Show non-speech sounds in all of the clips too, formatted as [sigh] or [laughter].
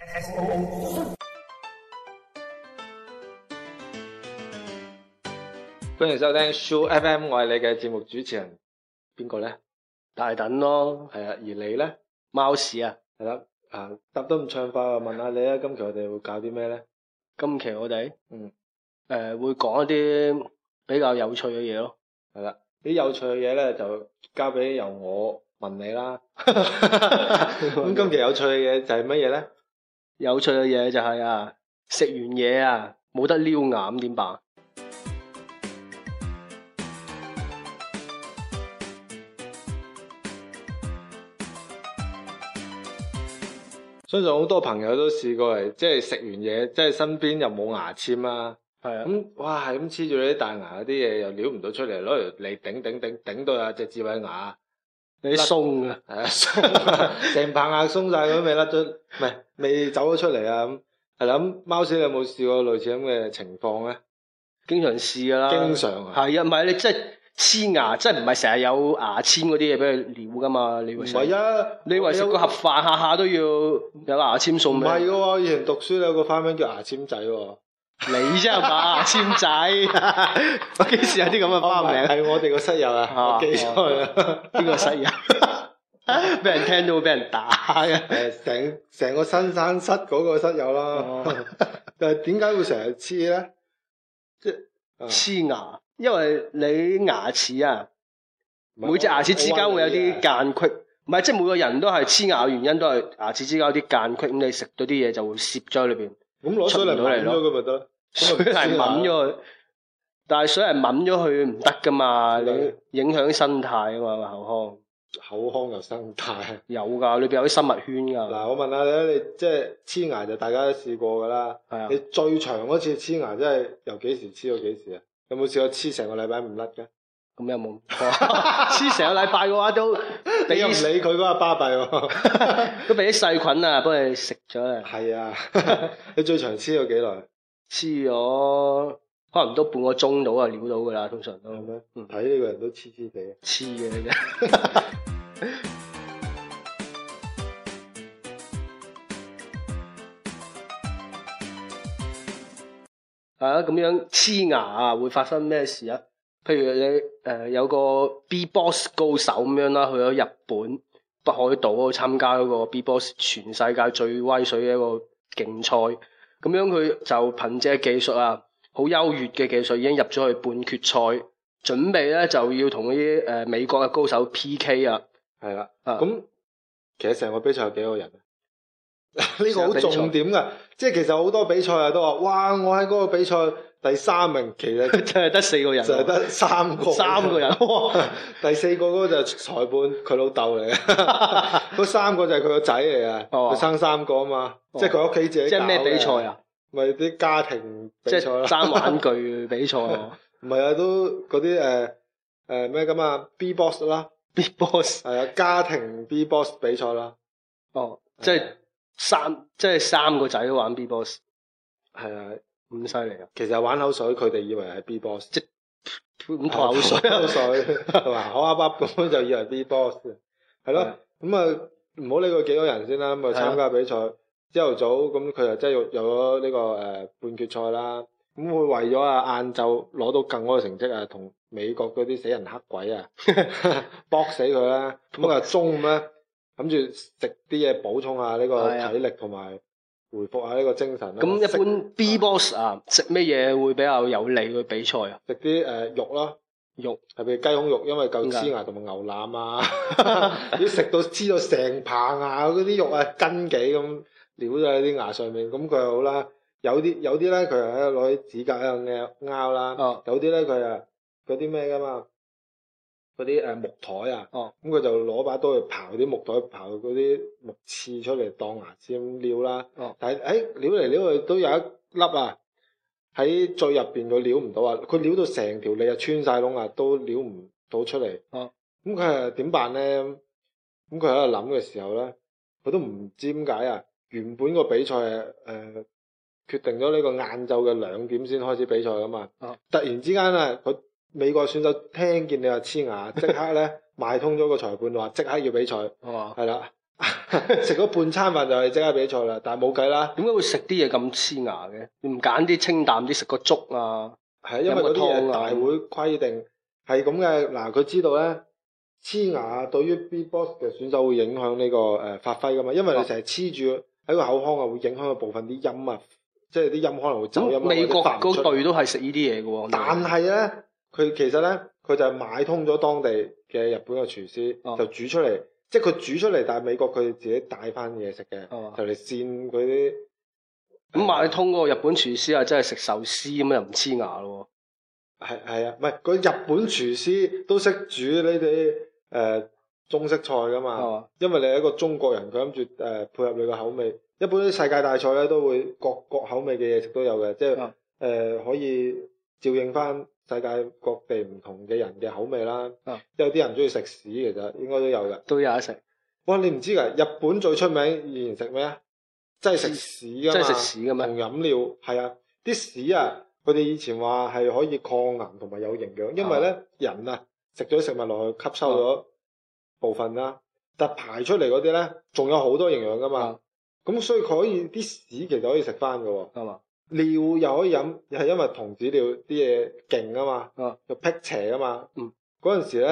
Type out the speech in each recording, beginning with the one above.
.歡迎收聽 SooFM，我係你嘅節目主持人，邊個咧？大等咯，係啊。而你咧，貓屎啊，係啦。啊答得唔暢快啊，我問下你啊。今期我哋會搞啲咩咧？今期我哋嗯誒、呃、會講一啲比較有趣嘅嘢咯，係啦。啲有趣嘅嘢咧就交俾由我問你啦。咁 [laughs] [laughs] 今期有趣嘅嘢就係乜嘢咧？有趣嘅嘢就係啊，食完嘢啊，冇得撩牙咁點辦？相信好多朋友都試過嚟，即係食完嘢，即係身邊又冇牙籤啦。係啊，咁、啊、哇係咁黐住你啲大牙嗰啲嘢，又撩唔到出嚟，攞條脷頂頂頂頂到啊隻智慧牙，你啲鬆了啊，係啊，成棚牙鬆晒佢咪甩咗，係。 [laughs] 未走咗出嚟啊，咁，係啦咁，貓仔有冇試過類似咁嘅情況咧？經常試㗎啦，經常係啊。唔係你即係黐牙，即係唔係成日有牙籤嗰啲嘢俾佢撩㗎嘛？你唔係啊？你話 ớ 收個盒飯下下都要有牙籤送？唔係嘅喎，以前讀書有個花名叫牙籤仔喎。你真係把牙籤仔？我幾時有啲咁嘅花名？係我哋個室友啊，幾好啊？邊個室友？特色俾 [laughs] 人聽到會俾人打嘅，誒，成成個新生室嗰個室友啦、 [laughs] 哦，但係點解會成日黐咧？即係黐牙，因為你牙齒啊，是每隻牙齒之間、啊、會有啲間隙，唔係即係每個人都係黐牙嘅原因都係牙齒之間有啲間隙，咁你食到啲嘢就會攝喺裏邊，咁攞、嗯、水嚟抌咗佢咪得咯？水係抌咗佢，但係水係抌咗佢唔得噶嘛，你影響生態啊嘛，口腔。 [laughs] 口腔又生態，裏面有噶，裏邊有啲生物圈噶。嗱，我問下你你即係黐牙就大家都試過噶啦。係啊。你最長嗰次黐牙，真係由幾時黐到幾時啊？有冇試過黐成個禮拜唔甩噶？咁有冇。黐、哦、成 [laughs] 個禮拜嘅話都，你唔理佢嗰個巴閉喎。都俾啲細菌啊，幫你食咗啊。係 [laughs] 啊。你最長黐咗幾耐？黐咗可能都半個鐘到啊，撩到噶啦，通常都嗎。唔睇呢個人都黐黐地。黐嘅啫。 [laughs] 啊，咁樣黐牙啊，會發生咩事啊？譬如你誒、呃、有個 B Boss 高手咁樣啦，去咗日本北海道參加嗰個 B Boss 全世界最威水嘅一個競賽，咁樣佢就憑借技術啊，好優越嘅技術已經入咗去半決賽，準備咧就要同嗰啲誒美國嘅高手 PK 啊！係啦，咁其實成個比賽有幾個人？呢個好重點噶，即係其實好多比賽啊都話，哇！我喺嗰個比賽第三名，其實真係得四個人，就係得三個，三個人哇！第四個嗰個就裁判佢老豆嚟，嗰三個就係佢個仔嚟啊，佢生三個啊嘛，即係佢屋企自己。即係咩比賽啊？咪啲家庭比賽咯，三玩具比賽，唔係啊，都嗰啲誒誒咩咁啊？B box 啦。B-box 係啊，家庭 B-box 比賽啦。哦、oh, 的，即係三，即係三個仔都玩 B-box。係啊，咁犀利啊！其實玩口水，佢哋以為係 B-box，即係咁吐口水，口水，哇！好阿爸咁就以為 B-box。係咯，咁啊唔好理佢幾多人先啦。咁啊參加比賽，朝頭早咁佢就真係有咗呢個誒半決賽啦。咁佢為咗啊晏晝攞到更好嘅成績啊同。美國嗰啲死人黑鬼啊，搏 [laughs] 死佢啦、啊，咁啊 [laughs] 中午咧，諗住食啲嘢補充下呢個體力同埋回復下呢個精神、啊。咁 [laughs] 一般 BBOSS 啊，食咩嘢會比較有利佢比賽啊？食啲誒肉咯，肉特別雞胸肉，因為夠黐牙同埋牛腩啊，要食 [laughs] [laughs] 到黐到成棚牙嗰啲肉啊，斤幾咁撩咗喺啲牙上面。咁佢又好啦，有啲有啲咧，佢又喺度攞啲指甲喺度拗拗啦，有啲咧佢啊～ [laughs] [laughs] 嗰啲咩噶嘛？嗰啲誒木枱啊，咁佢、哦、就攞把刀去刨嗰啲木枱，刨嗰啲木刺出嚟當牙籤咁撩啦。但係誒撩嚟撩去都有一粒啊，喺最入邊佢撩唔到啊，佢撩到成條脷啊穿晒窿啊，都撩唔到出嚟。咁佢係點辦咧？咁佢喺度諗嘅時候咧，佢都唔知點解啊。原本個比賽誒、呃、決定咗呢個晏晝嘅兩點先開始比賽噶嘛。突然之間啊，佢～美國選手聽見你話黐牙，即刻咧買通咗個裁判話即刻要比賽，係啦、啊，食咗是的 [laughs] 半餐飯就係即刻比賽啦。但係冇計啦，點解會食啲嘢咁黐牙嘅？你唔揀啲清淡啲，食個粥啊，飲個湯啊。因為大會規定係咁嘅，嗱佢、啊、知道咧黐牙對於 B box 嘅選手會影響呢、這個誒、呃、發揮噶嘛，因為你成日黐住喺個口腔啊，會影響部分啲音啊，即係啲音可能會走音。美國個隊都係食呢啲嘢嘅喎，但係咧。佢其實呢，佢就係買通咗當地嘅日本嘅廚師，啊、就煮出嚟，即係佢煮出嚟，但係美國佢自己帶翻嘢食嘅、啊呃嗯，就嚟佔嗰啲。咁買通嗰個日本廚師啊，真係食壽司咁又唔黐牙咯。係係啊，唔係日本廚師都識煮呢啲誒中式菜噶嘛，啊、因為你係一個中國人，佢諗住誒配合你嘅口味。一般啲世界大菜呢，都會各各，各口味嘅嘢食都有嘅，即係誒、嗯呃呃呃、可以照應翻。世界各地唔同嘅人嘅口味啦，啊、有啲人中意食屎，其實應該都有嘅，都有得食。哇！你唔知㗎，日本最出名以前食咩啊？即係食屎，即係食屎㗎嘛，同飲料。係啊，啲屎啊，佢哋以前話係可以抗癌同埋有營養，因為呢，啊人啊食咗食物落去吸收咗部分啦，啊、但排出嚟嗰啲呢，仲有好多營養㗎嘛。咁、啊嗯、所以可以啲屎其實可以食翻㗎喎。嗯尿又可以飲，又係因為童子尿啲嘢勁啊嘛，又辟邪啊嘛。嗰陣、嗯、時咧，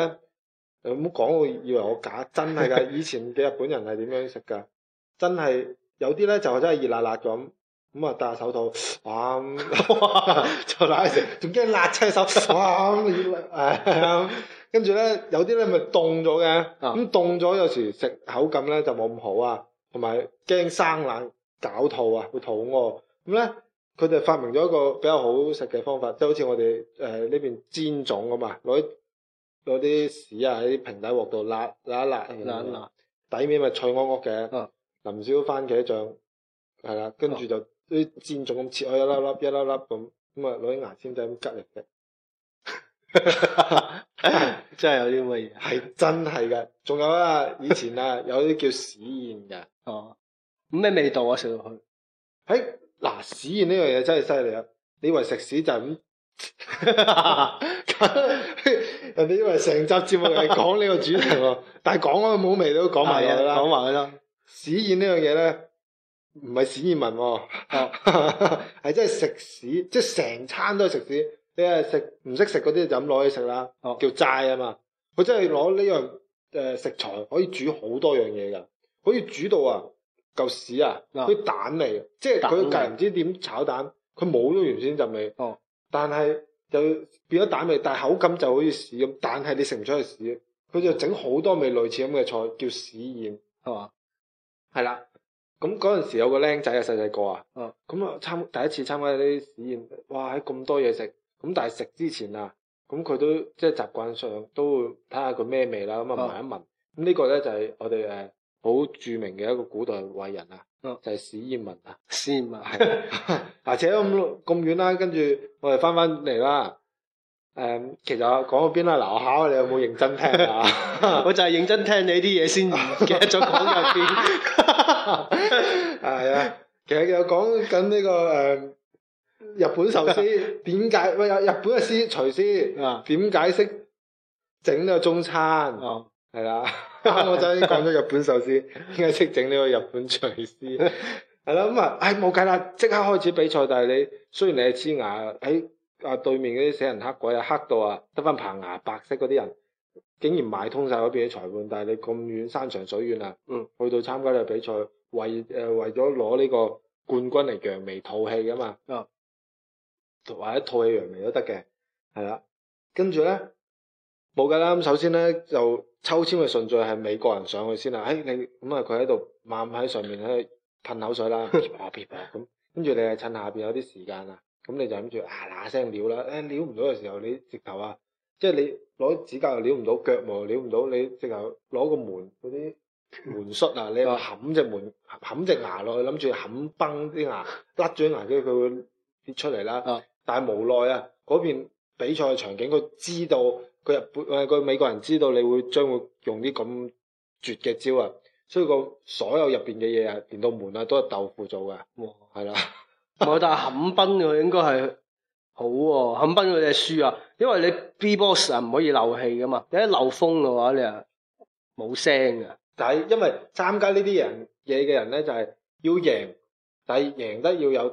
唔好講我以為我假，真係㗎。以前嘅日本人係點樣食㗎？真係有啲咧就真係熱辣辣咁，咁啊戴下手套，哇！就攬食，仲驚哇 [laughs] 辣親手，手咁熱，係跟住咧有啲咧咪凍咗嘅，咁凍咗有時食口感咧就冇咁好啊，同埋驚生冷搞肚啊，會肚屙咁咧。嗯佢哋發明咗一個比較好食嘅方法，即係好似我哋誒呢邊煎粽咁啊，攞攞啲屎啊喺啲平底鑊度辣辣辣辣辣，底面咪脆鵝鵝嘅，哦、淋少少番茄醬，係啦，跟住就啲煎粽咁切開一粒粒一粒粒咁，咁啊攞啲牙籤仔咁拮入嘅， [laughs] 真係有啲咁嘅嘢，係真係㗎。仲有啊，以前啊有啲叫屎鹽嘅，哦，咩味道啊食落去，嘿！哎 [laughs] 嗱，屎宴呢樣嘢真係犀利啊！你以為食屎就係咁， [laughs] [laughs] 人哋以為成集節目係講呢個主題喎， [laughs] 但係講開冇味你都講埋嘢啦，講埋去啦。屎宴、啊、呢樣嘢咧，唔係屎宴文喎、啊，係、哦、 [laughs] 真係食屎，即係成餐都係食屎。你係食唔識食嗰啲就咁攞去食啦，哦、叫齋啊嘛。佢真係攞呢樣誒食材可以煮好多樣嘢噶，可以煮到啊～嚿屎啊！啲、啊、蛋味，即係佢隔唔知點炒蛋，佢冇咗原先陣味，味哦、但係又變咗蛋味，但係口感就好似屎咁，但係你食唔出去屎。佢就整好多味類似咁嘅菜，叫屎宴，係嘛吧？係啦，咁嗰陣時有個僆仔啊，細細個啊，咁啊、哦、參第一次參加呢啲屎宴，哇！喺咁多嘢食，咁但係食之前啊，咁佢都即係習慣上都會睇下佢咩味啦，咁啊聞一聞。咁呢、嗯嗯、個咧就係我哋誒。好著名嘅一個古代偉人啊，嗯、就係史艷文啊。史艷文係，嗱、啊，扯咁咁遠啦，跟住我哋翻翻嚟啦。誒、嗯，其實講到邊啦、啊，留下你有冇認真聽啊？ [laughs] 我就係認真聽你啲嘢先，夾咗講到邊。係啊，其實又講緊呢個誒、呃，日本壽司點解？喂，日日本嘅師廚師啊，點解識整呢個中餐？係啦、嗯。我就已經講咗日本壽司，應該識整呢個日本廚師。係咯，咁啊，唉冇計啦，即刻開始比賽。但係你雖然你係黐牙，喺啊對面嗰啲死人黑鬼啊，黑到啊得翻棚牙白色嗰啲人，竟然買通晒嗰邊嘅裁判。但係你咁遠山長水遠啊，嗯，去到參加呢個比賽，為誒為咗攞呢個冠軍嚟揚眉吐氣㗎嘛，嗯，或者吐氣揚眉都得嘅，係啦、啊，跟住咧。冇噶啦，咁首先咧就抽籤嘅順序係美國人上去先啦，誒、哎、你咁啊，佢喺度慢喺上面咧噴口水啦，咁跟住你係趁下邊有啲時間啊，咁你就諗住啊嗱聲撩啦，誒撩唔到嘅時候你直頭啊，即係你攞指甲又撩唔到，腳毛撩唔到，你直頭攞個門嗰啲門栓啊，你話冚隻門冚隻牙落去，諗住冚崩啲牙甩咗啲牙，跟住佢會跌出嚟啦， [laughs] 但係無奈啊，嗰邊比賽嘅場景佢知道。佢日本誒，佢美國人知道你會將會用啲咁絕嘅招啊！所以個所有入邊嘅嘢啊，連到門啊都係豆腐做嘅。哇、啊，係啦，我覺得冚賓佢應該係好喎，冚賓佢哋輸啊，因為你 B box 啊唔可以漏氣噶嘛，你一漏風嘅話你係啊冇聲嘅。但係因為參加呢啲人嘢嘅人咧，就係要贏，但係贏得要有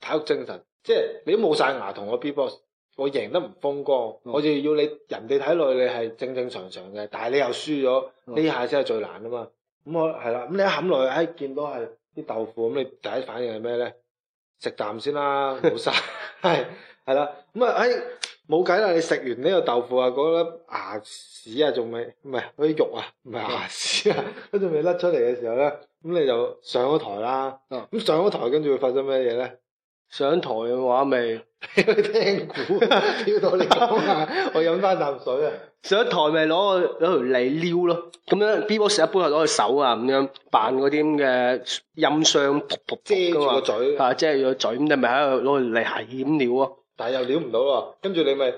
體育精神，即係你都冇晒牙同我 B box。我贏得唔風光，嗯、我就要你人哋睇落去你係正正常常嘅，但係你又輸咗，呢下先係最難啊嘛。咁、嗯、我係啦，咁你一冚落去，哎見到係啲豆腐，咁你第一反應係咩咧？食啖先啦，冇晒。係係啦。咁啊、嗯，哎冇計啦，你食完呢個豆腐啊，嗰粒牙齒啊仲未唔係嗰啲肉啊，唔係牙齒啊，跟住未甩出嚟嘅時候咧，咁你就上咗台啦。咁、嗯、上咗台跟住會發生咩嘢咧？上台嘅話，咪 [laughs] 聽古，屌到你講啊！我飲翻啖水啊！上台咪攞個攞條脷撩咯，咁樣 Bbox 一般係攞個手啊，咁樣扮嗰啲咁嘅音箱，噗噗噗噗遮住個嘴，啊遮住個嘴，你咪喺度攞條脷係咁撩啊，但係又撩唔到咯，跟住你咪。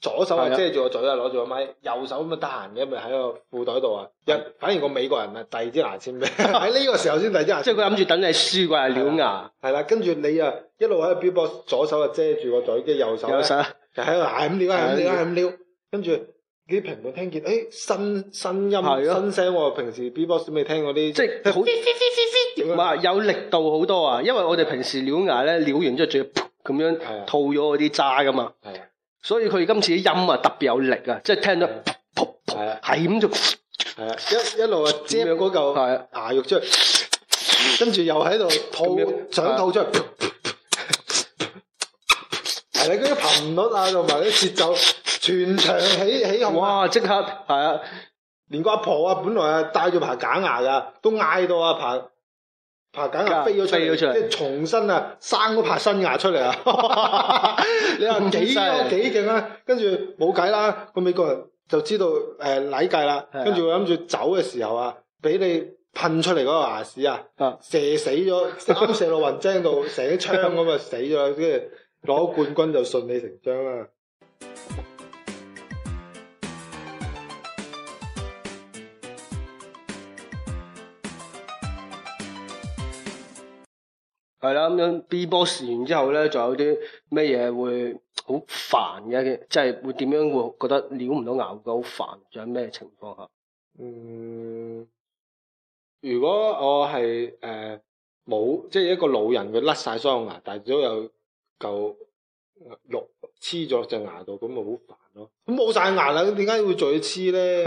左手啊遮住個嘴，啊攞住個咪；右手咁啊得閒嘅咪喺個褲袋度啊，又反而個美國人啊遞支牙簽俾，喺呢個時候先遞支牙，即係佢諗住等你輸過嚟撩牙。係啦，跟住你啊一路喺度 B-box，左手啊遮住個嘴，跟住右手咧就喺度挨咁撩，啊，咁撩，挨咁撩，跟住啲評論聽見誒新新音新聲喎，平時 B-box 都未聽過啲。即係好唔係有力度好多啊！因為我哋平時撩牙咧撩完之後仲要咁樣吐咗嗰啲渣噶嘛。所以佢今次啲音啊特別有力啊，即係聽到噗噗噗係啊係咁就係啊一一路啊遮嗰嚿牙肉出嚟，跟住又喺度吐樣想吐出嚟，係你嗰啲頻率啊同埋啲節奏全場起起哄哇即刻係啊，的連個阿婆啊本來啊帶咗排假牙噶都嗌到啊排。梗係又飛咗出嚟，出即係重新啊生嗰排新牙出嚟 [laughs] 啊！你話幾多幾勁啊？跟住冇計啦，個美國人就知道誒禮計啦。跟住佢諗住走嘅時候啊，俾你噴出嚟嗰個牙齒啊，射死咗，啱 [laughs] 射落雲精度，射啲槍咁啊死咗，跟住攞冠軍就順理成章啊！係啦，咁樣 B-box 完之後咧，仲有啲咩嘢會好煩嘅？即係會點樣會覺得撩唔到牙好煩？仲有咩情況啊？嗯，如果我係誒冇，即係一個老人佢甩晒所有牙，但係都有嚿肉黐咗隻牙度，咁咪好煩咯、啊。咁冇晒牙啦，咁點解會再黐咧？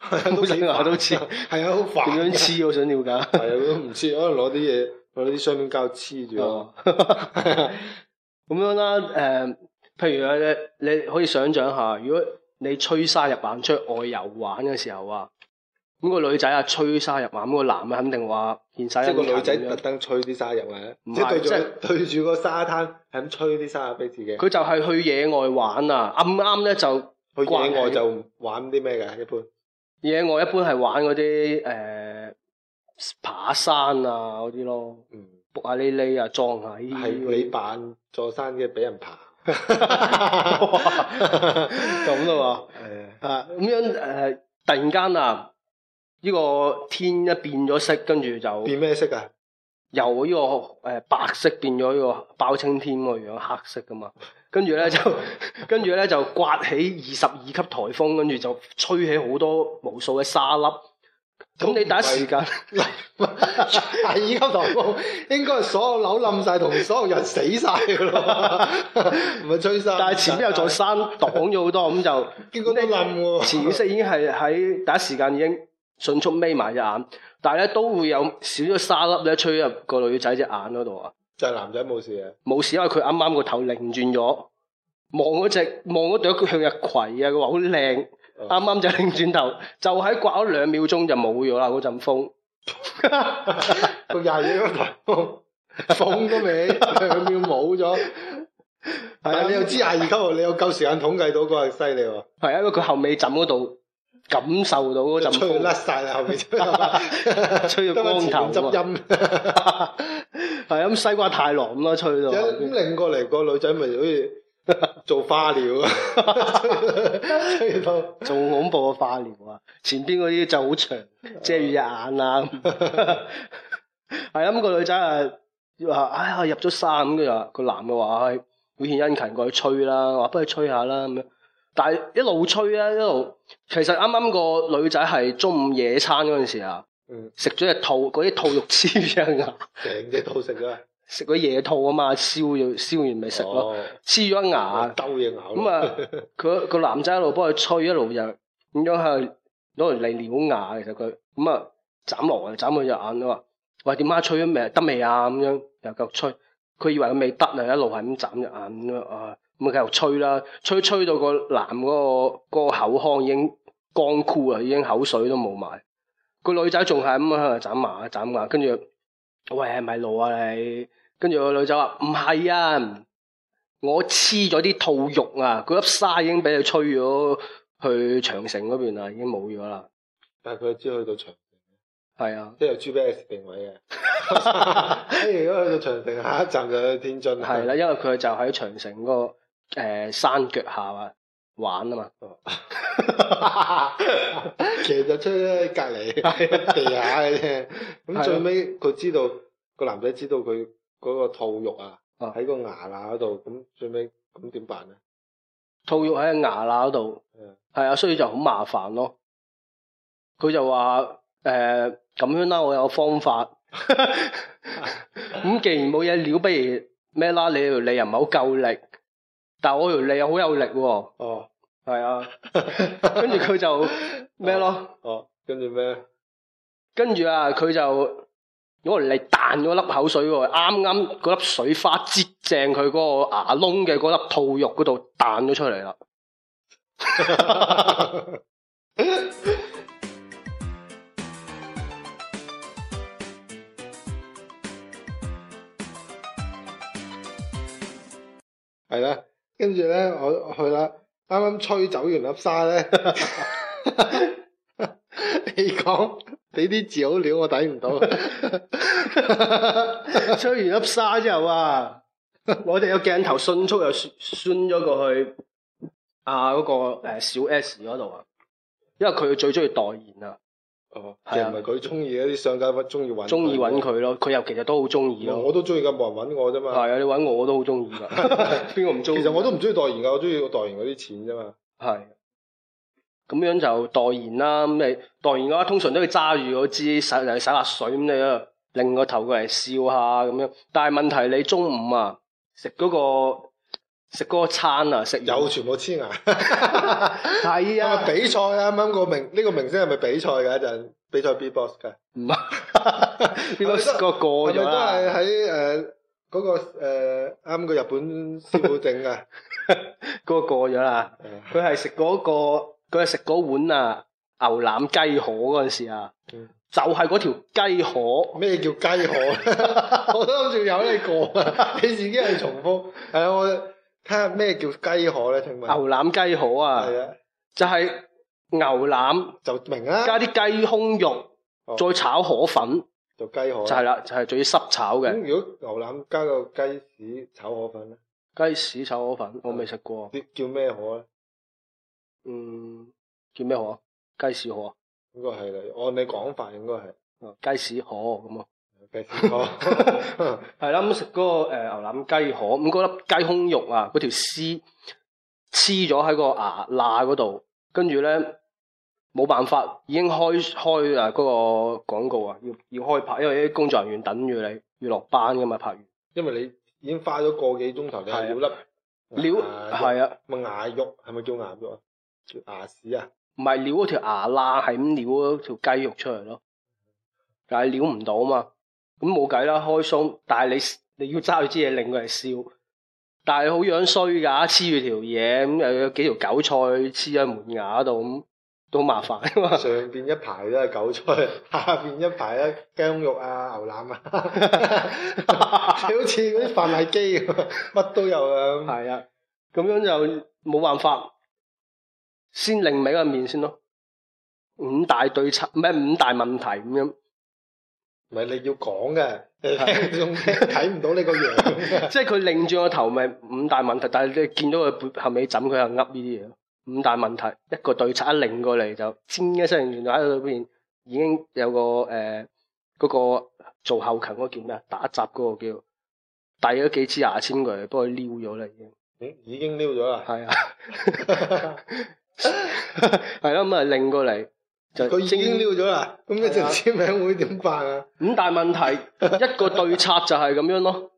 冇晒 [laughs] [laughs] 牙都黐，係啊， [laughs] 好煩。 [laughs] 點樣黐？我想了解。係 [laughs] 啊，都唔黐，可能攞啲嘢。 [laughs] 我啲雙面膠黐住咁樣啦、啊。誒、呃，譬如誒，你可以想象下，如果你吹沙入眼，出去外遊玩嘅時候啊，咁、那個女仔啊吹沙入眼，咁、那個男嘅肯定話現實一個女仔特登吹啲沙入眼，唔係是即係對住個沙灘係咁吹啲沙俾自己。佢就係去野外玩啊，啱啱咧就去野外就玩啲咩嘅？一般野外一般係玩嗰啲誒。呃爬山啊嗰啲咯，卜下呢呢啊，裝下呢啲，係你扮座山嘅俾人爬，咁咯喎，誒， [laughs] 的啊，咁樣誒、呃，突然間啊，呢、這個呢個天一變咗色，跟住就變咩色啊？由呢個誒白色變咗呢個包青天咁樣黑色噶嘛，跟住咧就，跟住咧就刮起二十二級台風，跟住就吹起好多無數嘅沙粒。咁你第一時間，第二級台風應該係所有樓冧晒，同所有人死晒噶咯，唔係吹晒， [laughs] 但係前邊有座山 [laughs] 擋咗好多，咁就結果都冧喎。潛意識已經係喺第一時間已經迅速眯埋隻眼， [laughs] 但係咧都會有少少沙粒咧吹入個女仔隻眼嗰度啊。就係男仔冇事啊，冇事，因為佢啱啱個頭擰轉咗，望嗰隻望嗰朵向日葵啊，佢話好靚。啱啱就擰轉頭，就喺、是、刮咗兩秒鐘就冇咗啦！嗰陣風，廿二級風都，未，兩秒冇咗，係啊！你又知廿二級喎？你又夠時間統計到嗰個犀利喎？係啊，因為佢後尾枕嗰度感受到嗰陣風，甩晒啦後尾，吹到光頭 [laughs] 音。係啊，咁西瓜太郎咁咯，吹到。咁擰過嚟個女仔咪好似。 [laughs] 做化療啊，做恐怖個化療啊！前邊嗰啲就好長，遮住隻眼啊！係咁個女仔啊，話哎呀入咗沙咁，佢話個男嘅話佢獻殷勤過去吹啦，話不如吹下啦咁樣，但係一路吹啊，一路，其實啱啱個女仔係中午野餐嗰陣時候啊，食咗隻兔，嗰啲兔肉黐住成隻兔食咗。食個野兔啊嘛，燒咗燒完咪食咯，黐咗牙，兜型口。咁啊佢個男仔一路幫佢吹，一路又咁樣係攞嚟嚟撩牙，其實佢咁啊斬落啊，眨佢隻眼，佢話，喂，點解吹咗得未啊？咁樣又繼續吹，佢以為佢未得啊，一路係咁眨隻眼咁樣啊，咁啊繼續吹啦，吹吹到個男嗰個個口腔已經乾枯啊，已經口水都冇埋，個女仔仲係咁啊斬牙斬牙，跟住喂，係咪路啊你？跟住個女仔話：唔係啊，我黐咗啲兔肉啊，嗰粒沙已經俾佢吹咗去長城嗰邊啦，已經冇咗啦。但係佢知去到長城，係是啊，即係 GPS 定位嘅。咁 [laughs] 如果去到長城，下一站就去天津。係啦、啊，因為佢就喺長城嗰個、呃、山腳下啊，玩啊嘛。其實出咗喺隔離，喺 [laughs] 地下嘅啫。咁最尾佢知道個是、啊、男仔知道佢。嗰個兔肉啊，喺個、嗯、牙罅度，咁最尾，咁點辦咧？兔肉喺牙罅度，係啊，所以就好麻煩咯。佢就話：誒、呃、咁樣啦，我有方法。咁、 [laughs] 嗯、既然冇嘢料，不如咩啦？你條脷又唔係好夠力，但係我條脷又好有力喎。哦，係是啊。 [laughs] 跟住佢就咩咯哦？哦，跟住咩？跟住啊，佢就。因為我嚟彈咗粒口水喎，啱啱嗰粒水花接正佢嗰個牙窿嘅嗰粒兔肉嗰度彈咗出嚟啦。係、huh、 [laughs] 對啦，跟住咧，我去啦，啱啱吹走完粒沙咧，你講。俾啲字好料，我睇唔到。 [laughs] [laughs] 吹完粒沙之後啊， [laughs] 我哋有鏡頭迅速又轉咗過去啊嗰、嗰個誒、呃、小 S 嗰度啊，因為佢最中意代言啦。哦，係啊。亦唔係佢中意一啲商家，中意搵。中意搵佢咯，佢又其實都好中意咯。我都中意咁冇人搵我啫嘛。係啊，你搵我，我都好中意噶。邊個唔中意？ [laughs] 其實我都唔中意代言噶，我中意代言嗰啲錢啫嘛。係。 [laughs] 咁樣就代言啦，咁你代言嘅話，通常都要揸住嗰支洗嚟洗下水咁，你啊擰個頭過嚟笑下咁樣。但係問題，你中午啊食嗰個食嗰個餐啊食參與有全部黐牙，係 [laughs] 啊比賽啊啱啱個明呢個明星係咪比賽嘅一陣比賽 Beatbox 噶？唔係 Beatbox 個過咗都係喺誒嗰個誒啱個日本師傅整啊，嗰個過咗啦，佢係食嗰個。佢係食嗰碗啊牛腩雞河嗰陣時啊，嗯、就係嗰條雞河，咩叫雞河？ [laughs] 我都諗住有呢個， [laughs] 你自己去重複。係我睇下咩叫雞河咧？請問牛腩雞河啊，係啊，就係牛腩，就明啊，加啲雞胸肉，再炒河粉，就雞河，就係啦，就係仲要濕炒嘅。咁如果牛腩加個雞屎炒河粉咧？雞屎炒河粉，我未食過。嗯、叫咩河咧？嗯，叫咩河？雞屎河啊，應該係啦。按你講法應該，應該係啊，雞屎河咁啊，雞屎河係啦。咁食嗰個誒、呃、牛腩雞河，咁、嗯、嗰粒雞胸肉啊，嗰條絲黐咗喺個牙罅嗰度，跟住咧冇辦法，已經開開誒嗰個廣告啊，要要開拍，因為啲工作人員等住你要落班噶嘛，拍完，因為你已經花咗個幾鐘頭，你係料粒料係啊，咪牙肉係咪叫牙肉啊？是條牙、啊、屎啊，唔係撩嗰條牙啦，係咁撩嗰條雞肉出嚟咯，但係撩唔到啊嘛，咁冇計啦，開鬆，但係你你要揸住支嘢令佢嚟笑，但係好樣衰噶，黐住條嘢咁又有幾條韭菜黐喺門牙度咁，都麻煩啊嘛，上邊一排都係韭菜，下邊一排咧薑肉啊牛腩啊，哈哈好似嗰啲販賣機，乜都有啊，係 [laughs] 啊，咁樣就冇辦法。先擰尾嗰個麵先咯，五大對策咩五大問題咁樣，唔係你要講嘅，睇唔 [laughs] [laughs] 到呢個樣， [laughs] 即係佢擰住個頭咪五大問題，但係你見到佢背後尾枕佢又噏呢啲嘢，五大問題一個對策一擰過嚟就尖一聲，原來喺裏邊已經有個誒嗰、呃嗰個做後勤嗰叫咩啊，打雜嗰個叫遞咗幾支牙簽過嚟，幫佢撩咗啦已經，已已經撩咗啦，係啊。係、 [laughs] 嗯、啦，咁啊，擰過嚟就佢已經撩咗啦。咁一陣簽名會點辦啊？五大問題，一個對策就係咁樣咯。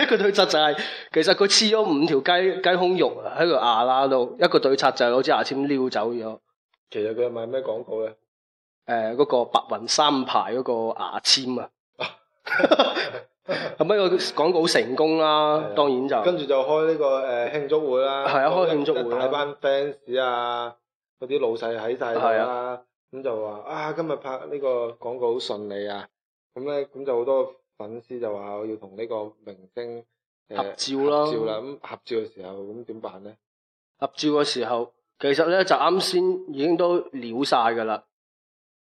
一個對策就係、是，其實佢黐咗五條雞雞胸肉喺個牙罅度。一個對策就係攞支牙簽撩走咗。其實佢係賣咩廣告嘅？誒、呃，嗰、那個「白雲三排」嗰個牙籤啊。 [laughs] [laughs] 咁不過廣告成功啦，啊，的當然就是、跟住就開呢、這個誒慶、呃、祝會啦，係啊開慶祝會啦，大班 fans 啊，嗰啲老細喺晒啊。咁的就話啊今日拍呢個廣告好順利啊，咁咧咁就好多粉絲就話我要同呢個明星、呃、合照照啦，咁合照嘅時候咁點辦咧？合照嘅時，時候，其實咧就啱先已經都了晒噶啦，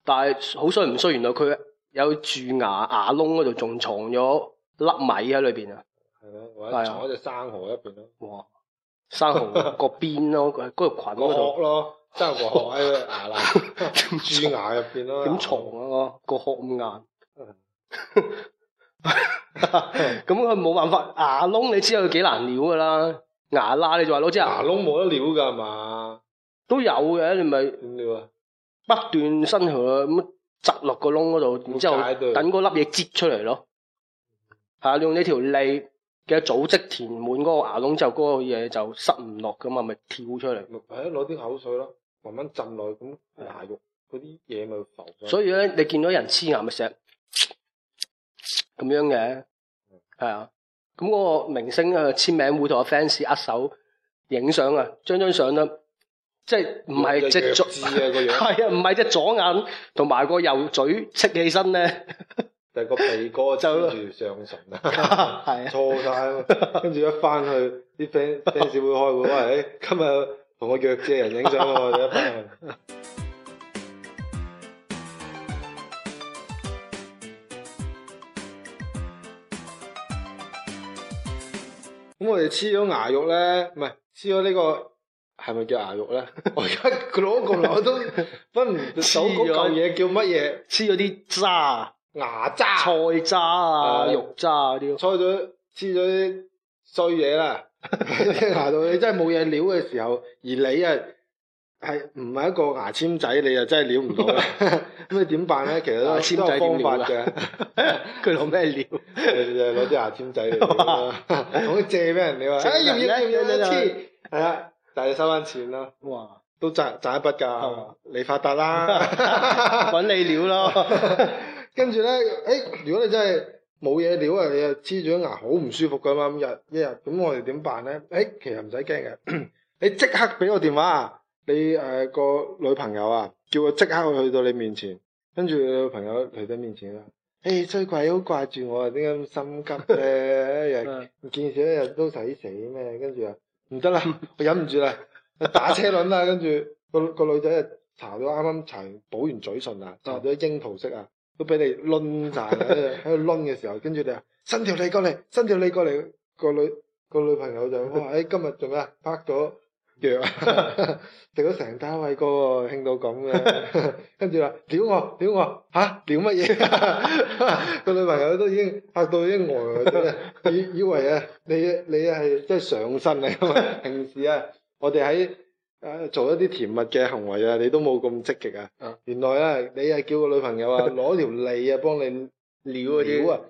但係好衰唔衰？原來佢有蛀牙牙窿嗰度仲藏咗。粒米喺裏邊啊，係咯，藏喺隻生蠔一邊咯。的哇，生蠔個邊咯，佢、那、嗰個群嗰度咯，生蠔喺個牙罅，蛀牙入邊咯。點藏啊？個殼咁硬，咁佢冇辦法牙窿，你知道佢幾難料噶啦？牙罅，你再話攞隻牙窿冇得料噶係嘛？都有嘅，你咪料啊不斷伸佢咁扎落個窿嗰度，然之後等嗰粒嘢擠出嚟咯。嚇！你、啊、用呢條脷嘅組織填滿嗰個牙窿，就嗰個嘢就塞唔落㗎嘛，咪跳出嚟。咪攞啲口水咯，慢慢浸落咁牙肉嗰啲嘢咪浮。 所以咧，你見到人黐牙咪錫咁樣嘅，係、嗯、啊，咁、那、嗰個明星啊簽名會同阿 fans 握手影相啊，張張相咧即係唔係隻左？係啊，唔係隻左眼同埋個右嘴戚起身咧。 [laughs] 就個鼻哥揪住上唇啊，搓晒、 [laughs] 嗯，跟住 [laughs] 一翻去啲 fans fans 會開會，話今日同我約嘅人影相 [laughs] 我哋一翻去。 [laughs] 」咁 [music] 我哋黐咗牙肉咧，唔係黐咗呢個係咪叫牙肉咧？ [laughs] 我而家攞過嚟都分唔到嗰嚿嘢叫乜嘢？黐咗啲渣。了牙渣、菜渣啊、肉渣啊啲，吹咗、黐咗啲衰嘢啦，牙到你真係冇嘢料嘅時候，而你啊係唔係一個牙籤仔，你就真係料唔到，咁你點辦咧？其實都好多方法嘅，佢攞咩料？攞啲牙籤仔嚟，同借俾人，你話，哎，要唔要？唔要，唔黐，係啦，但係收翻錢咯，哇，都賺賺一筆噶，你發達啦，搵你料咯。跟住咧，誒、哎，如果你真係冇嘢料啊，你又黐住啲牙，好唔舒服噶嘛？咁日一日，咁我哋點辦咧？誒、哎，其實唔使驚嘅，你即刻俾個電話啊，你、呃、誒、嗰個女朋友啊，叫佢即刻去到你面前。跟住你女朋友嚟到面前啦，誒、哎，衰鬼，好掛住我啊，點解咁心急咧？一日唔見少一日都使死咩？跟住啊，唔得啦，我忍唔住啦，打車輪啦。 [laughs] 跟住個個女仔搽到啱啱搽完補完嘴唇啊，搽咗櫻桃色啊。 [laughs] [laughs] 都俾你掄晒啦，喺度掄嘅時候，跟住你就伸條脷過嚟，伸條脷過嚟。個女個女朋友就我話，誒，今日做咩？拍咗藥啊，食咗成單位個，興到咁嘅。跟住話屌我，屌我，吓，屌乜嘢？個女朋友都已經吓到已經呆咗啦，以以為啊，你你係即係上身嚟。因為平時啊，我哋喺。誒做一啲甜蜜嘅行為啊，你都冇咁積極啊！原來咧，你係叫個女朋友啊攞條脷啊幫你撩啊！撩啊！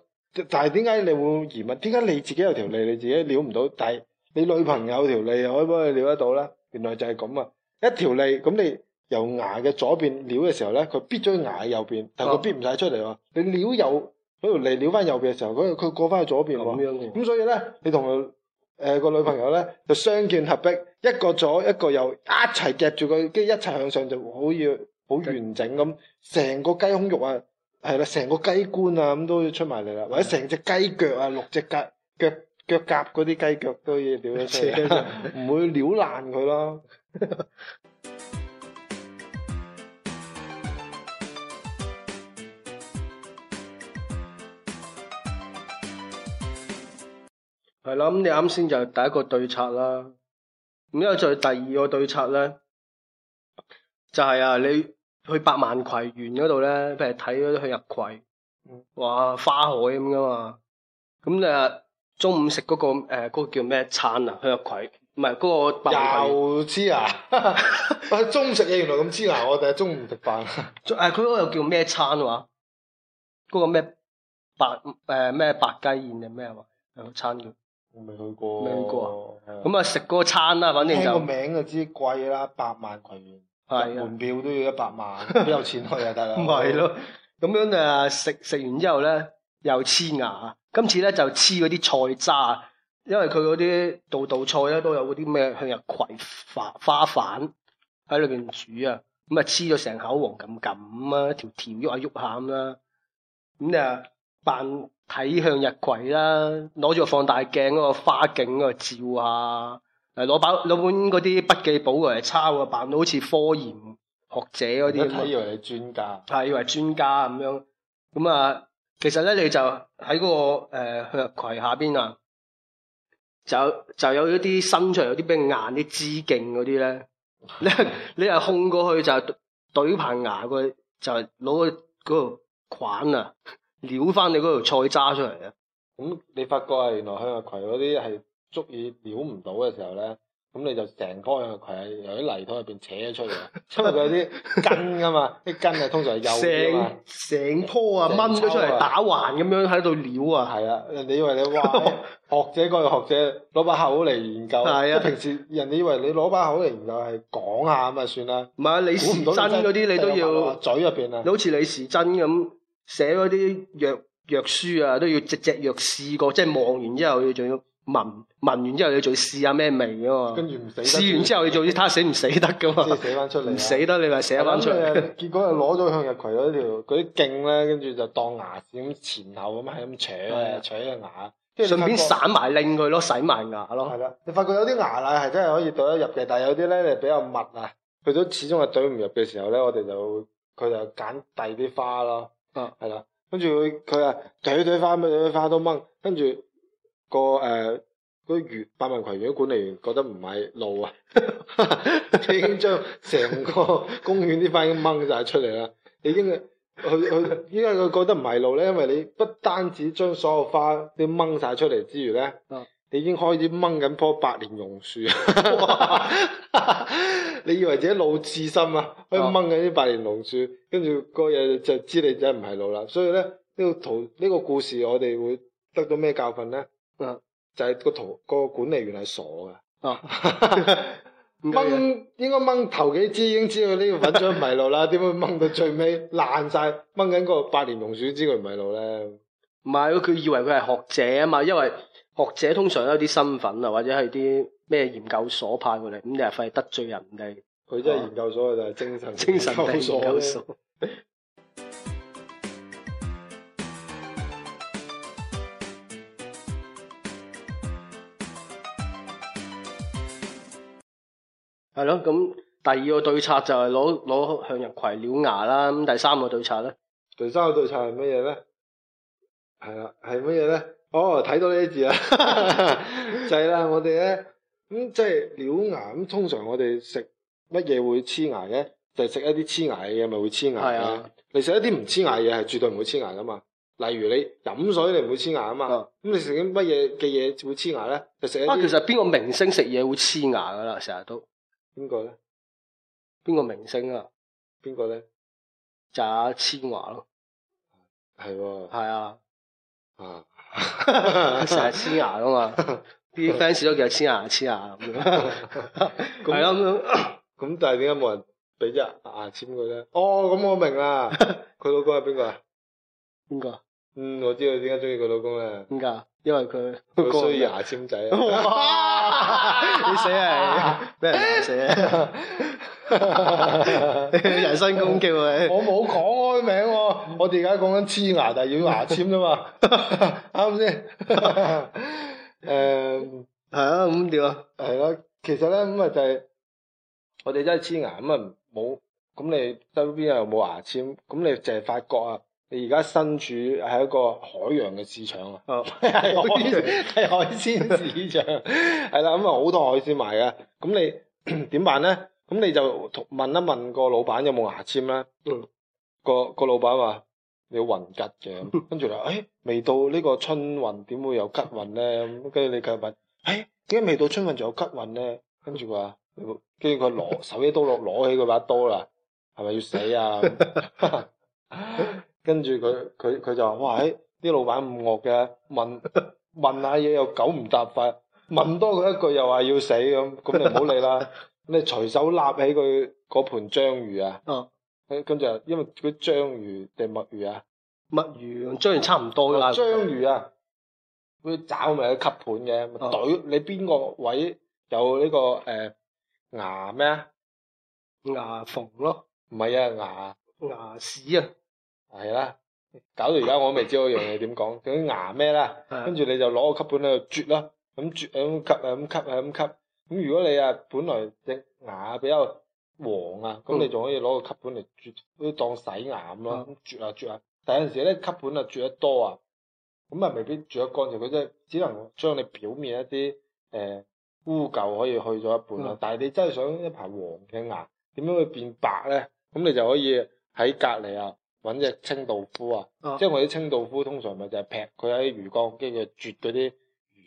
但係點解你會疑問？點解你自己有條脷你自己撩唔到？但係你女朋友條脷又可以幫你撩得到啦！原來就係咁啊！一條脷咁你由牙嘅左邊撩嘅時候咧，佢必咗喺牙嘅右邊，但係佢必唔曬出嚟喎。你撩右嗰條脷撩翻右邊嘅時候，佢佢過翻去左邊喎。咁樣喎。咁所以咧，你同佢。誒、呃，個女朋友咧、嗯、就雙劍合璧，一個左一個右，一齊夾住佢，跟住一齊向上就，就好要好完整咁，成個雞胸肉啊，係啦，成個雞冠啊，咁都要出埋嚟啦，或者成隻雞腳啊，六隻腳腳腳夾嗰啲雞腳都要撩一齊，唔會撩爛佢啦。 [laughs] 係啦，咁你啱先就係第一個對策啦。咁之後再第二個對策咧，就係啊，你去百萬葵園嗰度咧，譬如睇嗰啲向日葵，哇，花海咁噶嘛。咁啊，中午食嗰、那個誒，嗰、呃那個叫咩餐啊？向日葵，唔係嗰個又黐牙、啊。我中午食嘢原來咁黐牙，我哋日中午食飯、啊。誒，佢 [laughs] 嗰個又叫咩餐話、啊？嗰、那個咩白誒咩、呃、白雞宴定咩話？有個餐叫。我未去過，未去過，咁啊食嗰餐啦，反正就個名就知貴啦，百萬葵園，嘅門票都要一百萬，邊有錢去啊大佬？唔係咯，咁樣誒食食完之後咧，又黐牙。今次咧就黐嗰啲菜渣，因為佢嗰啲道道菜咧都有嗰啲咩向日葵花花瓣喺裏邊煮啊，咁啊黐咗成口黃錦錦啊，條甜肉啊肉鹹啦，咁就扮。睇向日葵啦，攞住個放大鏡嗰個花景嗰度照下，啊，誒攞把攞本嗰啲筆記簿嚟抄啊，扮到好似科研學者嗰啲咁，以為你專家，係以為專家咁樣，咁、嗯、啊，其實咧你就喺嗰、嗰個、呃、向日葵下邊啊，就就有一啲生出嚟，有啲比較硬啲枝勁嗰啲咧，你你係控過去就係懟棚牙佢就係攞、嗰個嗰、嗰個框啊。撩翻你嗰條菜渣出嚟啊！咁你發覺係原來向日葵嗰啲係足以撩唔到嘅時候咧，咁你就成棵向日葵由啲泥土入邊扯咗出嚟，因為佢有啲根啊嘛，啲根啊通常係幼啲啊嘛。成成棵啊掹咗出嚟打橫咁樣喺度撩啊！係啊，人哋以為你話學者，講係學者攞把口嚟研究，即係平時人哋以為你攞把口嚟研究係講下咁啊，算啦。唔係啊，李時珍嗰啲你都要嘴入邊啊，好似李時珍咁。寫嗰啲藥藥書啊，都要隻隻藥試過，即係望完之後要，你仲要聞聞完之後，你仲要試下咩味噶嘛、啊？跟住唔死得，試完之後你做啲，睇下死唔死得噶嘛？死出唔、啊、死得你咪寫翻出嚟。結果就攞咗向日葵嗰條嗰啲莖咧，跟住就當牙線咁前後咁係咁搶啊搶個牙，順便散埋令佢咯洗埋牙咯。係啦，你發覺有啲牙罅係真係可以懟得入嘅，但係有啲咧你比較密啊，佢都始終係懟唔入嘅時候咧，我哋就佢就揀第啲花咯。啊，係啦、嗯，跟住佢佢啊，朵朵花，朵朵花都掹，跟住個誒嗰百萬葵園管理員覺得唔係路啊 [laughs] [laughs] 已，已經將成個公園啲花已經掹晒出嚟啦，已經去去，依家佢覺得唔係路咧，因為你不單止將所有花都掹晒出嚟之餘咧。嗯你已經開始掹緊棵百年榕樹， [laughs] [laughs] 你以為自己魯智深啊？可以掹緊啲百年榕樹，跟住個嘢就知你真唔係路啦。所以咧，呢個圖呢個故事，我哋會得到咩教訓咧？啊、就係個圖個管理員係傻噶。啊，掹應該掹頭幾支，已經知道呢個粉腸唔係路啦，點解掹到最尾爛晒？掹緊個百年榕樹知佢唔係路咧。唔係，佢以為佢係學者啊嘛，因為。學者通常有啲身份啊，或者係啲咩研究所派過嚟，咁你係費事得罪人哋。佢真係研究所嘅就係精神研究所。係咯，咁第二個對策就係攞攞向日葵撩牙啦。咁第三個對策咧？第三個對策係乜嘢咧？係啦，係乜嘢咧？哦，睇到呢啲字啊， [laughs] 就係啦，我哋咧咁即係撩牙咁。通常我哋食乜嘢會黐牙咧，就係、是、食一啲黐牙嘅嘢，咪會黐牙嘅。啊、你食一啲唔黐牙嘢，係絕對唔會黐牙噶嘛。例如你飲水，你唔會黐牙啊嘛。咁、啊、你食緊乜嘢嘅嘢會黐牙咧？就食一、啊、其實邊個明星食嘢會黐牙噶啦？成日都。邊個咧？邊個明星嘅啊？邊個咧？就阿千華咯。係喎。係啊。啊。啊成日黐牙噶嘛，啲 fans [laughs] 都叫佢黐牙黐牙咁樣。係 [laughs] 啊、 [laughs] 嗯，咁但係點解冇人俾隻牙籤佢咧？哦，咁我明啦。佢老公係邊個啊？邊個？嗯，我知道你點解中意佢老公啦。邊個因為佢個衰牙籤仔，你死係咩死啊？ [laughs] 人生公叫你，我冇講開名，就是，我哋而家講緊黐牙，但係要牙籤啫嘛，啱唔啱先？誒，係啊，咁點啊？係咯，其實咧咁啊就係，我哋真係黐牙，咁啊冇咁你周邊又冇牙籤，咁你就係發覺啊。你而家身處係一個海洋嘅市場啊，係海鮮，海鮮市場，係啦、哦，咁啊好多海鮮賣嘅。咁你點辦咧？咁你就問一問個老闆有冇牙籤啦。嗯。個個老闆話：你要雲吉嘅。跟住啦，誒，未到呢個春運，點會有吉運咧？咁跟住你繼續問，誒、哎，點解未到春運仲有吉運咧？跟住佢話，跟住佢攞手，一刀落攞起佢把刀啦，係咪要死啊？ [laughs] 跟住佢佢佢就話：哇！啲、哎、老闆唔惡嘅，問問下嘢又狗唔答法，問多佢一句又話要死咁，咁就唔好理啦。 [laughs] 你隨手立起佢嗰盤章魚啊，嗯、跟跟住，因為佢章魚定墨魚啊？墨魚，章魚差唔多啦。啊、章魚啊，佢爪咪一吸盤嘅，對、嗯、你邊個位有呢、這個誒、呃、牙咩啊？牙縫咯，唔係啊牙牙齒啊。係啦，搞到而家我未知道到樣嘢點講，究竟牙咩啦，跟住你就攞個吸管喺度啜啦，咁啜啊咁吸啊咁吸啊咁吸，咁如果你啊本來隻牙比較黃啊，咁你仲可以攞個吸管嚟啜，都當洗牙咁咯，啜啊啜啊，但係有時咧吸管啊啜得多啊，咁啊未必啜得乾淨，佢即係只能將你表面一啲誒、呃、污垢可以去咗一半啦，的但係你真係想一排黃嘅牙點樣會變白咧，咁你就可以喺隔籬啊。揾隻清道夫啊，啊即係我啲清道夫通常咪就係劈佢喺魚缸，跟住佢啜嗰啲魚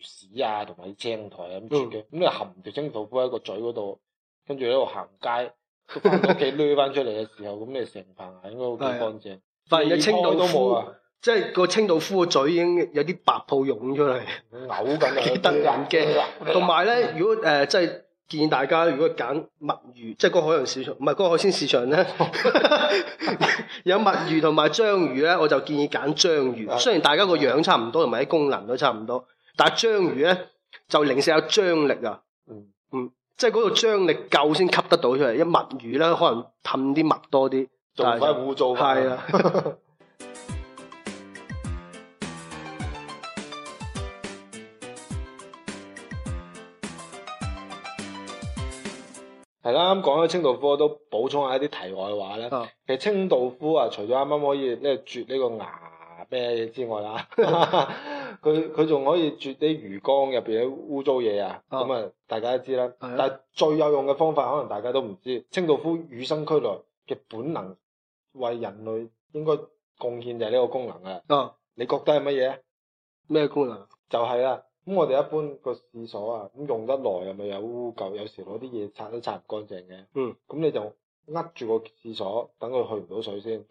屎啊，同埋啲青苔啊咁嘅，咁你、啊嗯嗯、含住清道夫喺個嘴嗰度，跟住喺度行街，翻屋企孭翻出嚟嘅時候，咁你成棚牙應該好乾淨。但係啲清道夫，即係個清道夫個嘴已經有啲白泡湧出嚟，嘔緊瞪眼人驚。同埋咧，如果誒即係。建議大家如果揀墨魚，即係嗰個海洋市場，唔係嗰個海鮮市場咧， [laughs] 有墨魚同埋章魚咧，我就建議揀章魚。雖然大家個樣差唔多，同埋啲功能都差唔多，但係章魚咧就零舍有張力啊，嗯，即係嗰度張力夠先吸得到出嚟。因為墨魚咧可能氹啲墨多啲，不就做翻污糟翻。是的 [laughs] 係啦，啱講起清道夫我都補充一下一啲題外話咧。哦、其實清道夫啊，除咗啱啱可以咩啜呢個牙咩嘢之外啦，佢佢仲可以啜啲 [laughs] 魚缸入邊啲污糟嘢啊。咁啊、哦，大家都知啦。哦、但係最有用嘅方法，可能大家都唔知。清道夫與生俱來嘅本能，為人類應該貢獻就係呢個功能啊。哦、你覺得係乜嘢？咩功能？就係啦。咁我哋一般個廁所啊，咁用得耐又咪有污垢，有時攞啲嘢擦都擦唔乾淨嘅。嗯。咁你就厄住個廁所，等佢去唔到水先，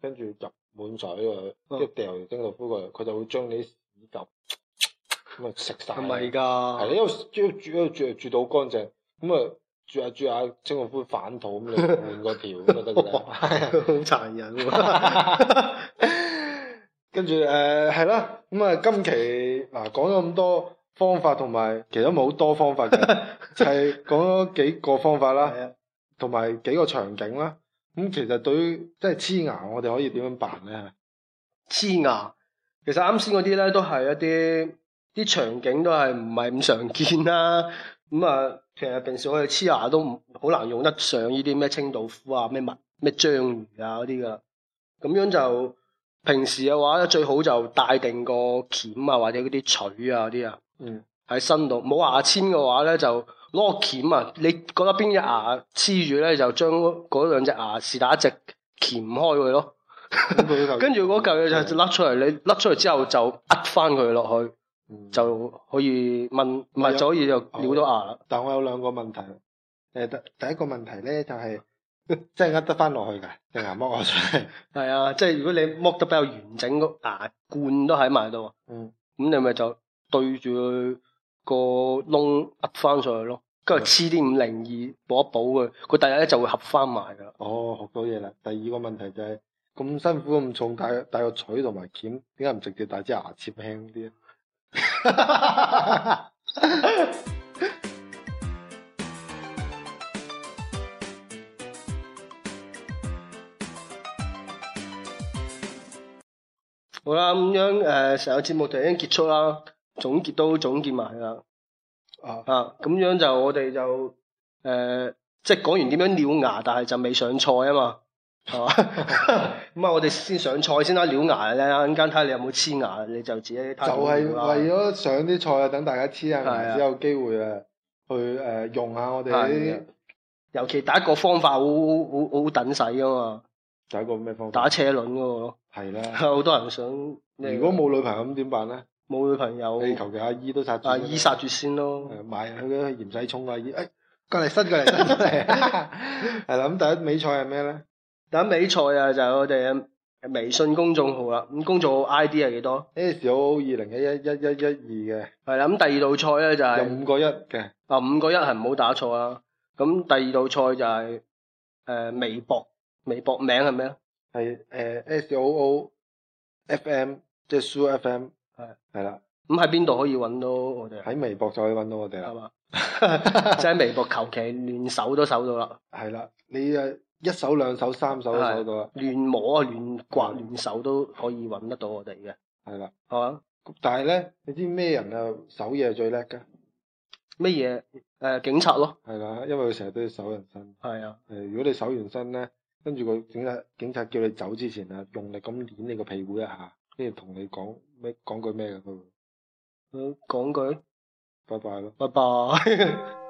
跟住、嗯、入滿水佢，即掉嚟清道夫佢，佢、嗯、就會將啲屎糞咁啊食晒。係咪㗎？係，因為煮煮啊煮到好乾淨，咁啊煮下煮下清道夫反肚咁啊換個條咁啊得嘅。係啊，好殘忍。跟住誒係啦，咁、嗯、啊今期嗱、啊、講咗咁多方法同埋，其實冇多方法嘅， [laughs] 就係講咗幾個方法啦，同埋 [laughs] 幾個場景啦。咁、嗯、其實對於即係黐牙，牙，我哋可以點樣辦咧？黐牙其實啱先嗰啲咧都係一啲啲場景，都係唔係咁常見啦。咁啊，其實平時我哋黐牙都好難用得上呢啲咩清道夫啊、咩物咩章魚啊嗰啲噶，咁樣就。平時嘅話咧，最好就帶定個鉗啊，或者嗰啲錘啊嗰啲啊，喺、啊嗯、身度。冇牙籤嘅話咧，就攞、那個鉗啊，你覺得邊隻牙黐住咧，就將嗰兩隻牙是但一隻鉗開佢咯。 [laughs] 跟住嗰嚿嘢就甩出嚟，的你甩出嚟之後就呃翻佢落去，的就可以問，唔係有就可以就撩到牙啦。但我有兩個問題。誒、呃，第第一個問題咧就係、是。 [laughs] 即係噏得翻落去噶，成牙剝落上嚟。係啊，即係如果你剝得比較完整，個牙冠都喺埋度。啊。嗯，咁你咪就對住個窿噏翻上去咯，跟住黐啲五零二補一補佢，佢第日咧就會合翻埋噶。哦，學到嘢啦！第二個問題就係、係、咁辛苦咁重帶帶個錘同埋鉗，點解唔直接帶支牙籤輕啲？ [laughs] [laughs] 好啦，咁樣誒，成個節目就已經結束啦，總結都總結埋啦，啊啊呃就是。啊，咁樣就我哋就誒，即係講完點樣撩牙，但係就未上菜啊嘛。咁啊，我哋先上菜先啦，撩牙咧，陣間睇下你有冇黐牙，你就自己睇。就係為咗上啲菜，等大家黐下牙，先有機會啊，會去誒、呃、用下我哋、啊、尤其第一個方法好好好等使啊嘛。第一個咩方法？打車輪嗰個咯。係啦，好多人想。如果冇女朋友咁點辦咧？冇女朋友，你求其阿姨都殺。阿姨殺住先咯，買佢嘅鹽水蔥啊！哎，過嚟塞過嚟，塞過嚟，係啦。咁第一美菜係咩咧？第一美菜啊，就係我哋嘅微信公眾號啦。咁公眾號 I D 係幾多？S O 二零一一一一一二嘅。係啦，咁第二道菜咧就係。有五個一嘅。啊，五個一係唔好打錯啦！咁第二道菜就係誒，微博，微博名係咩啊？係誒，S O O F M，即係蘇 F M，係係啦。咁喺邊度可以搵到我哋？喺微博就可以搵到我哋啦。係嘛？即係喺微博求其亂搜都搜到啦。係啦，你誒一手、兩手、三手都搜到啦。亂摸啊，亂刮、亂搜都可以搵得到我哋嘅。係啦，係嘛？但係咧，你知咩人啊？搜嘢係最叻噶？乜嘢誒？警察咯。係啦，因為佢成日都要搜人身。係啊。誒，如果你搜完身咧？跟住個警察，警察叫你走之前啊，用力咁捏你個屁股一下，跟住同你講咩，講句咩噶佢，話、嗯、講句，拜拜啦，拜拜。拜拜 [laughs]